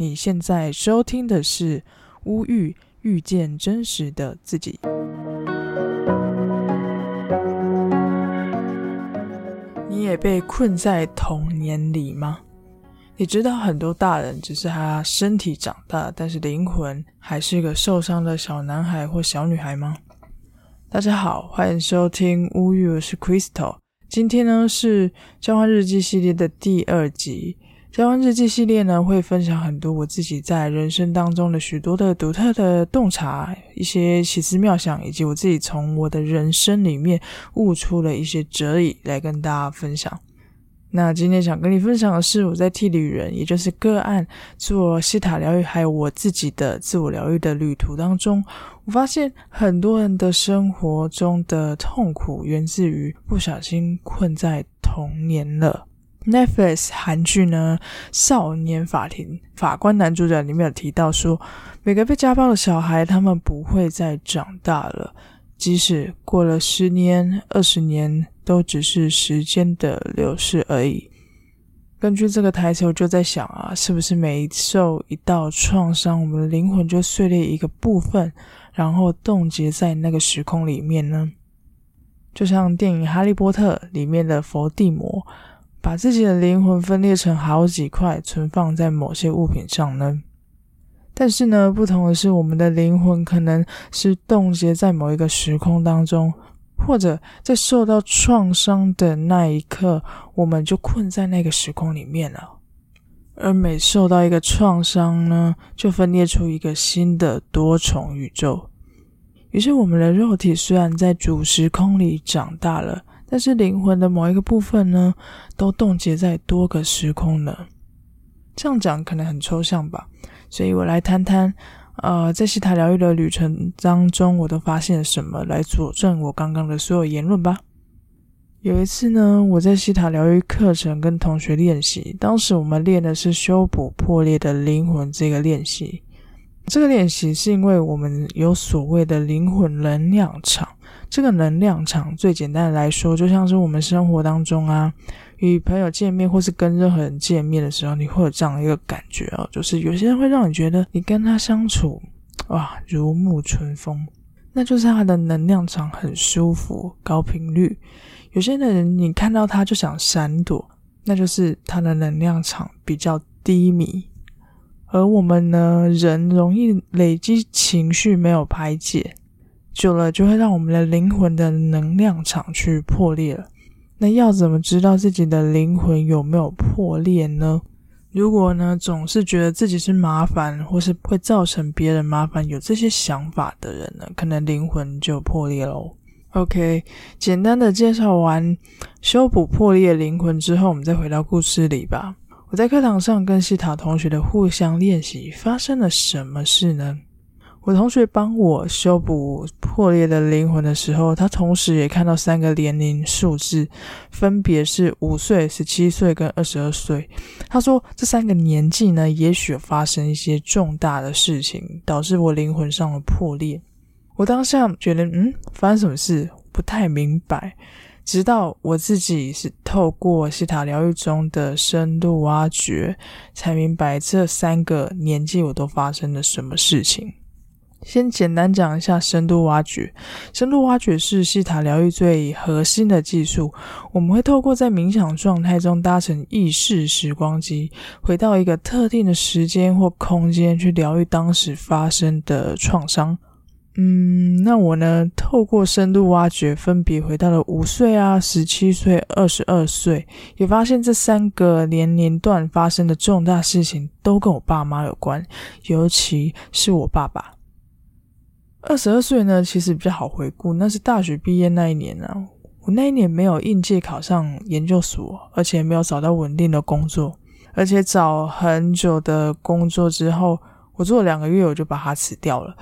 你現在收聽的是烏玉《烏遇遇見真實的自己》。你也被困在童年裡嗎？你知道很多大人只是他身體長大，但是靈魂還是一個受傷的小男孩或小女孩嗎？大家好，歡迎收聽《烏遇》，我是 Crystal。今天呢是交換日記系列的第二集。交換日記系列呢，會分享很多我自己在人生當中的許多的獨特的洞察，一些奇思妙想，以及我自己從我的人生裡面悟出了一些哲理來跟大家分享。那今天想跟你分享的是，我在替旅人，也就是個案做西塔療癒，還有我自己的自我療癒的旅途當中，我發現很多人的生活中的痛苦，源自於不小心困在童年了。Netflix 韓劇呢，《少年法庭》法官男主角裡面有提到說，每個被家暴的小孩，他們不會再長大了，即使過了十年、二十年，都只是時間的流逝而已。根據這個台詞，我就在想啊，是不是每受一道創傷，我們的靈魂就碎裂一個部分，然後凍結在那個時空裡面呢？就像電影《哈利波特》裡面的伏地魔。把自己的靈魂分裂成好幾塊，存放在某些物品上呢。但是呢，不同的是，我們的靈魂可能是凍結在某一個時空當中，或者在受到創傷的那一刻，我們就困在那個時空裡面了。而每受到一個創傷呢，就分裂出一個新的多重宇宙。於是，我們的肉體雖然在主時空裡長大了。但是靈魂的某一個部分呢，都凍結在多個時空了。這樣講可能很抽象吧，所以我來談談，呃，在西塔療癒的旅程當中，我都發現了什麼來佐證我剛剛的所有言論吧。有一次呢，我在西塔療癒課程跟同學練習，當時我們練的是修補破裂的靈魂這個練習。這個練習是因為我們有所謂的靈魂能量場。這個能量場最簡單的來說，就像是我們生活當中啊，與朋友見面或是跟任何人見面的時候，你會有這樣的一個感覺哦，就是有些人會讓你覺得你跟他相處，哇，如沐春風，那就是他的能量場很舒服、高頻率；有些的人你看到他就想閃躲，那就是他的能量場比較低迷。而我們呢，人容易累積情緒，沒有排解。久了就會讓我們的靈魂的能量場去破裂了。那要怎麼知道自己的靈魂有沒有破裂呢？如果呢，總是覺得自己是麻煩，或是會造成別人麻煩，有這些想法的人呢，可能靈魂就破裂嘍。OK，簡單的介紹完修補破裂靈魂之後，我們再回到故事裡吧。我在課堂上跟西塔同學的互相練習發生了什麼事呢？我同學幫我修補破裂的靈魂的時候，他同時也看到三個年齡數字，分別是五歲、十七歲跟二十二歲。他說：“這三個年紀呢，也許發生一些重大的事情，導致我靈魂上的破裂。”我當下覺得，嗯，發生什麼事？不太明白。直到我自己是透過西塔療癒中的深度挖掘，才明白這三個年紀我都發生了什麼事情。先簡單講一下深度挖掘。深度挖掘是希塔療癒最核心的技術。我們會透過在冥想狀態中搭乘意識時光機，回到一個特定的時間或空間，去療癒當時發生的創傷。嗯，那我呢？透過深度挖掘，分別回到了五歲啊、十七歲、二十二歲，也發現這三個年齡段發生的重大事情都跟我爸媽有關，尤其是我爸爸。二十二歲呢，其實比較好回顧。那是大學畢業那一年啊，我那一年沒有應屆考上研究所，而且沒有找到穩定的工作，而且找很久的工作之後，我做了兩個月，我就把它辭掉了。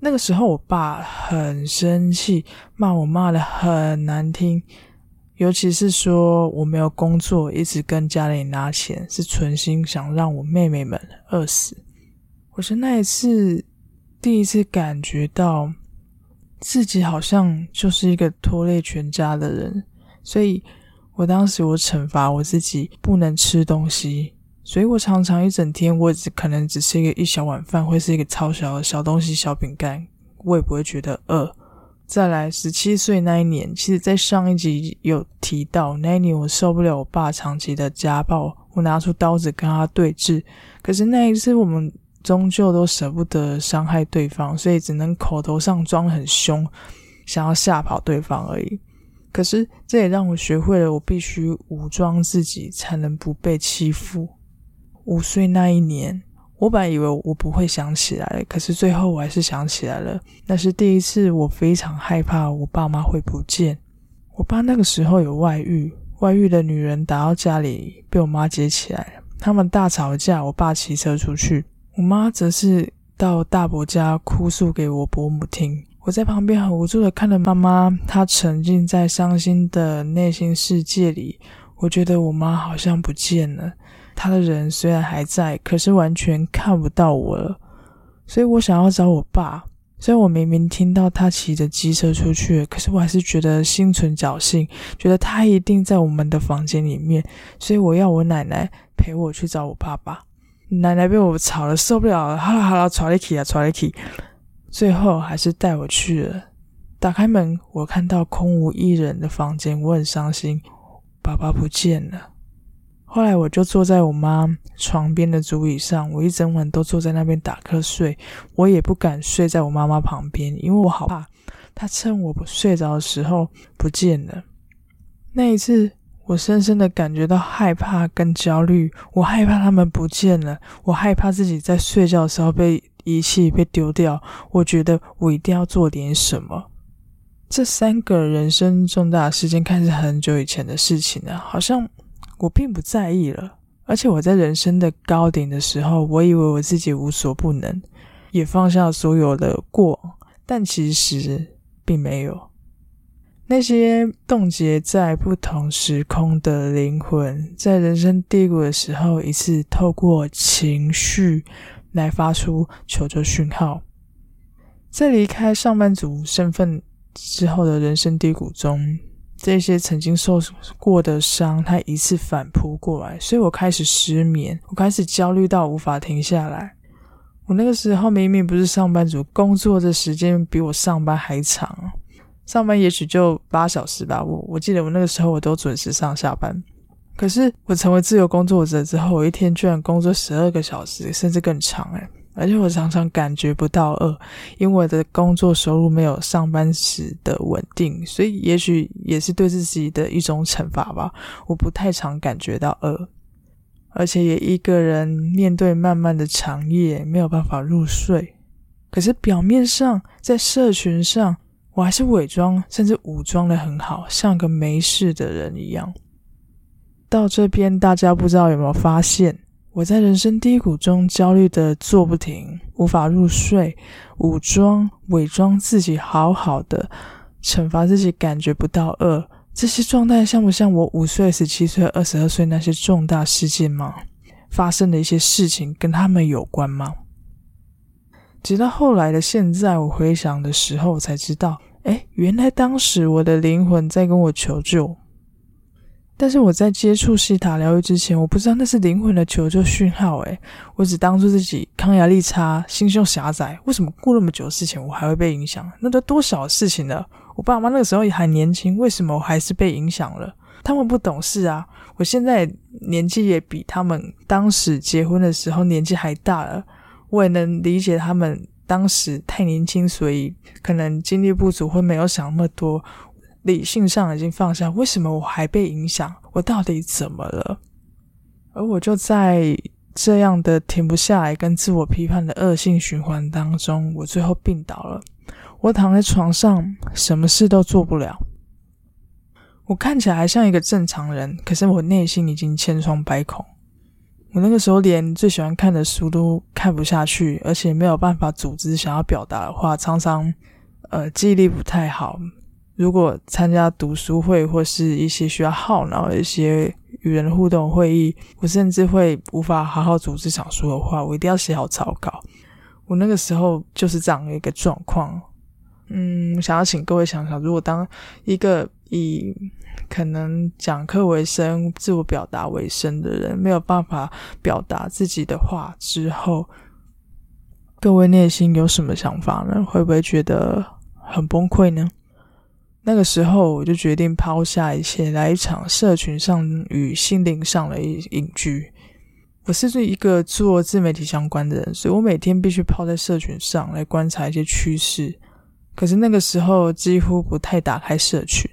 那個時候，我爸很生氣，罵我罵得很難聽，尤其是說我沒有工作，一直跟家裡拿錢，是存心想讓我妹妹們餓死。我說那一次。第一次感覺到自己好像就是一個拖累全家的人，所以我當時我懲罰我自己不能吃東西，所以我常常一整天我只可能只吃一個一小碗飯，或是一個超小的小東西、小餅乾，我也不會覺得餓。再來，十七歲那一年，其實在上一集有提到，那一年我受不了我爸長期的家暴，我拿出刀子跟他對峙，可是那一次我們。終究都捨不得傷害對方，所以只能口頭上裝很凶，想要嚇跑對方而已。可是這也讓我學會了，我必須武裝自己，才能不被欺負。五歲那一年，我本來以為我不會想起來了，可是最後我還是想起來了。那是第一次，我非常害怕我爸媽會不見。我爸那個時候有外遇，外遇的女人打到家裡，被我媽接起來，他們大吵架，我爸騎車出去。我媽則是到大伯家哭訴給我伯母聽，我在旁邊很無助的看着媽媽，她沉浸在傷心的內心世界裡。我覺得我媽好像不見了，她的人雖然還在，可是完全看不到我了。所以我想要找我爸，雖然我明明聽到他騎着機車出去，可是我還是覺得心存僥倖，覺得他一定在我們的房間裡面，所以我要我奶奶陪我去找我爸爸。奶奶被我吵得受不了了，哈哈，好了，吵得起啊，吵得起，最後還是帶我去了。打開門，我看到空無一人的房間，我很傷心，爸爸不見了。後來我就坐在我媽床邊的竹椅上，我一整晚都坐在那邊打瞌睡，我也不敢睡在我媽媽旁邊，因為我好怕她趁我不睡着的時候不見了。那一次。我深深的感覺到害怕跟焦慮，我害怕他們不見了，我害怕自己在睡覺的時候被遺棄、被丟掉。我覺得我一定要做點什麼。這三個人生重大事件，看似很久以前的事情了，啊，好像我並不在意了。而且我在人生的高點的時候，我以為我自己無所不能，也放下所有的過往，但其實並沒有。那些凍結在不同時空的靈魂，在人生低谷的時候，一次透過情緒來發出求救訊號。在離開上班族身份之後的人生低谷中，這些曾經受過的傷，它一次反撲過來。所以我開始失眠，我開始焦慮到無法停下來。我那個時候明明不是上班族，工作的時間比我上班還長。上班也許就八小時吧，我我記得我那個時候我都準時上下班。可是我成為自由工作者之後，我一天居然工作十二個小時，甚至更長誒。而且我常常感覺不到餓，因為我的工作收入沒有上班時的穩定，所以也許也是對自己的一種懲罰吧。我不太常感覺到餓，而且也一個人面對漫漫的長夜，沒有辦法入睡。可是表面上在社群上。我還是偽裝，甚至武裝得很好，像個沒事的人一樣。到這邊，大家不知道有沒有發現，我在人生低谷中焦慮得坐不停，無法入睡，武裝、偽裝自己，好好的懲罰自己，感覺不到餓。這些狀態像不像我五歲、十七歲、二十二歲那些重大事件嗎？發生的一些事情跟他們有關嗎？直到後來的現在，我回想的時候才知道。哎，原來當時我的靈魂在跟我求救，但是我在接觸西塔療癒之前，我不知道那是靈魂的求救訊號。哎，我只當做自己抗壓力差、心胸狹窄。為什麼過那麼久的事情，我還會被影響？那都多少事情了？我爸媽那個時候也還年輕，為什麼我還是被影響了？他們不懂事啊！我現在年紀也比他們當時結婚的時候年紀還大了，我也能理解他們。當時太年輕，所以可能精力不足，會沒有想那麼多。理性上已經放下，為什麼我還被影響？我到底怎麼了？而我就在這樣的停不下來跟自我批判的惡性循環當中，我最後病倒了。我躺在床上，什麼事都做不了。我看起來還像一個正常人，可是我內心已經千瘡百孔。我那個時候連最喜歡看的書都看不下去，而且沒有辦法組織想要表達的話，常常，呃，記憶力不太好。如果參加讀書會或是一些需要耗腦的一些與人互動會議，我甚至會無法好好組織想說的話，我一定要寫好草稿。我那個時候就是這樣的一個狀況。嗯，想要請各位想想，如果當一個……以可能講課為生、自我表達為生的人，沒有辦法表達自己的話之後，各位內心有什麼想法呢？會不會覺得很崩潰呢？那個時候，我就決定拋下一切，來一場社群上與心靈上的隱居。我是一個做自媒體相關的人，所以我每天必須泡在社群上來觀察一些趨勢。可是那個時候，幾乎不太打開社群。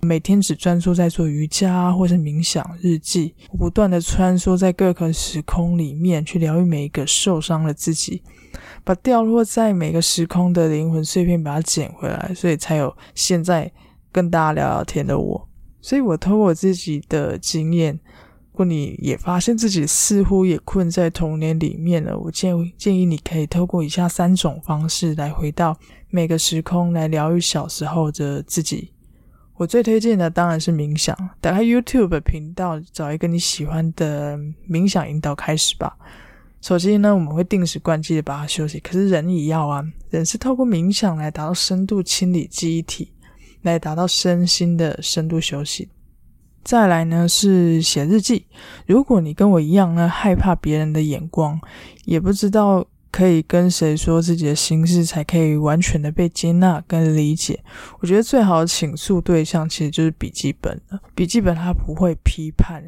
每天只專注在做瑜伽或是冥想日記，我不斷的穿梭在各個時空裡面，去療癒每一個受傷的自己，把掉落在每個時空的靈魂碎片把它撿回來，所以才有現在跟大家聊聊天的我。所以，我透過我自己的經驗，如果你也發現自己似乎也困在童年裡面了，我建建議你可以透過以下三種方式來回到每個時空，來療癒小時候的自己。我最推薦的當然是冥想，打開 YouTube 頻道，找一個你喜歡的冥想引導開始吧。手機呢，我們會定時關機的，把它休息。可是人也要啊，人是透過冥想來達到深度清理記憶體，來達到身心的深度休息。再來呢，是寫日記。如果你跟我一樣呢，害怕別人的眼光，也不知道。可以跟誰說自己的心事，才可以完全的被接納跟理解？我覺得最好的傾訴對象其實就是筆記本了。筆記本它不會批判，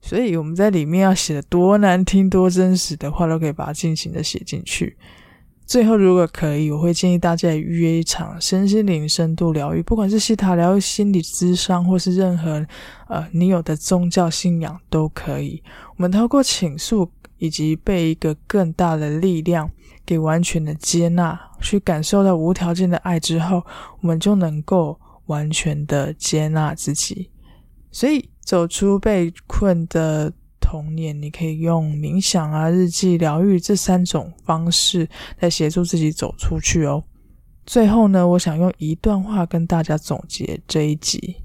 所以我們在裡面要寫的多難聽、多真實的話，都可以把它盡情的寫進去。最後，如果可以，我會建議大家預約一場身心靈深度療癒，不管是西塔療癒心理諮商，或是任何呃你有的宗教信仰都可以。我們透過傾訴。以及被一個更大的力量給完全的接納，去感受到無條件的愛之後，我們就能夠完全的接納自己。所以，走出被困的童年，你可以用冥想啊、日記、療癒這三種方式來協助自己走出去哦。最後呢，我想用一段話跟大家總結這一集。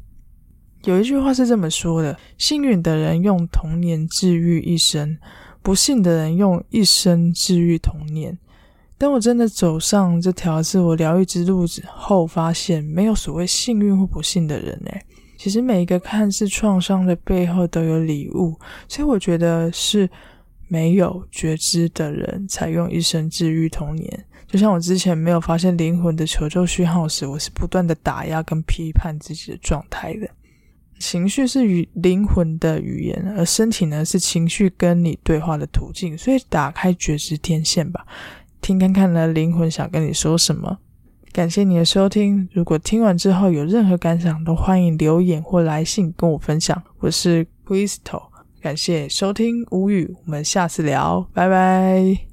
有一句話是這麼說的：“幸運的人用童年治癒一生。”不幸的人用一生治癒童年，當我真的走上這條自我療癒之路之後，發現沒有所謂幸運或不幸的人，欸。誒其實每一個看似創傷的背後都有禮物，所以我覺得是沒有覺知的人才用一生治癒童年。就像我之前沒有發現靈魂的求救訊號時，我是不斷的打壓跟批判自己的狀態的。情緒是與靈魂的語言，而身體呢是情緒跟你對話的途徑。所以，打開覺知天線吧，聽看看呢，靈魂想跟你說什麼。感謝你的收聽，如果聽完之後有任何感想，都歡迎留言或來信跟我分享。我是 Crystal，感謝收聽無語，我們下次聊，拜拜。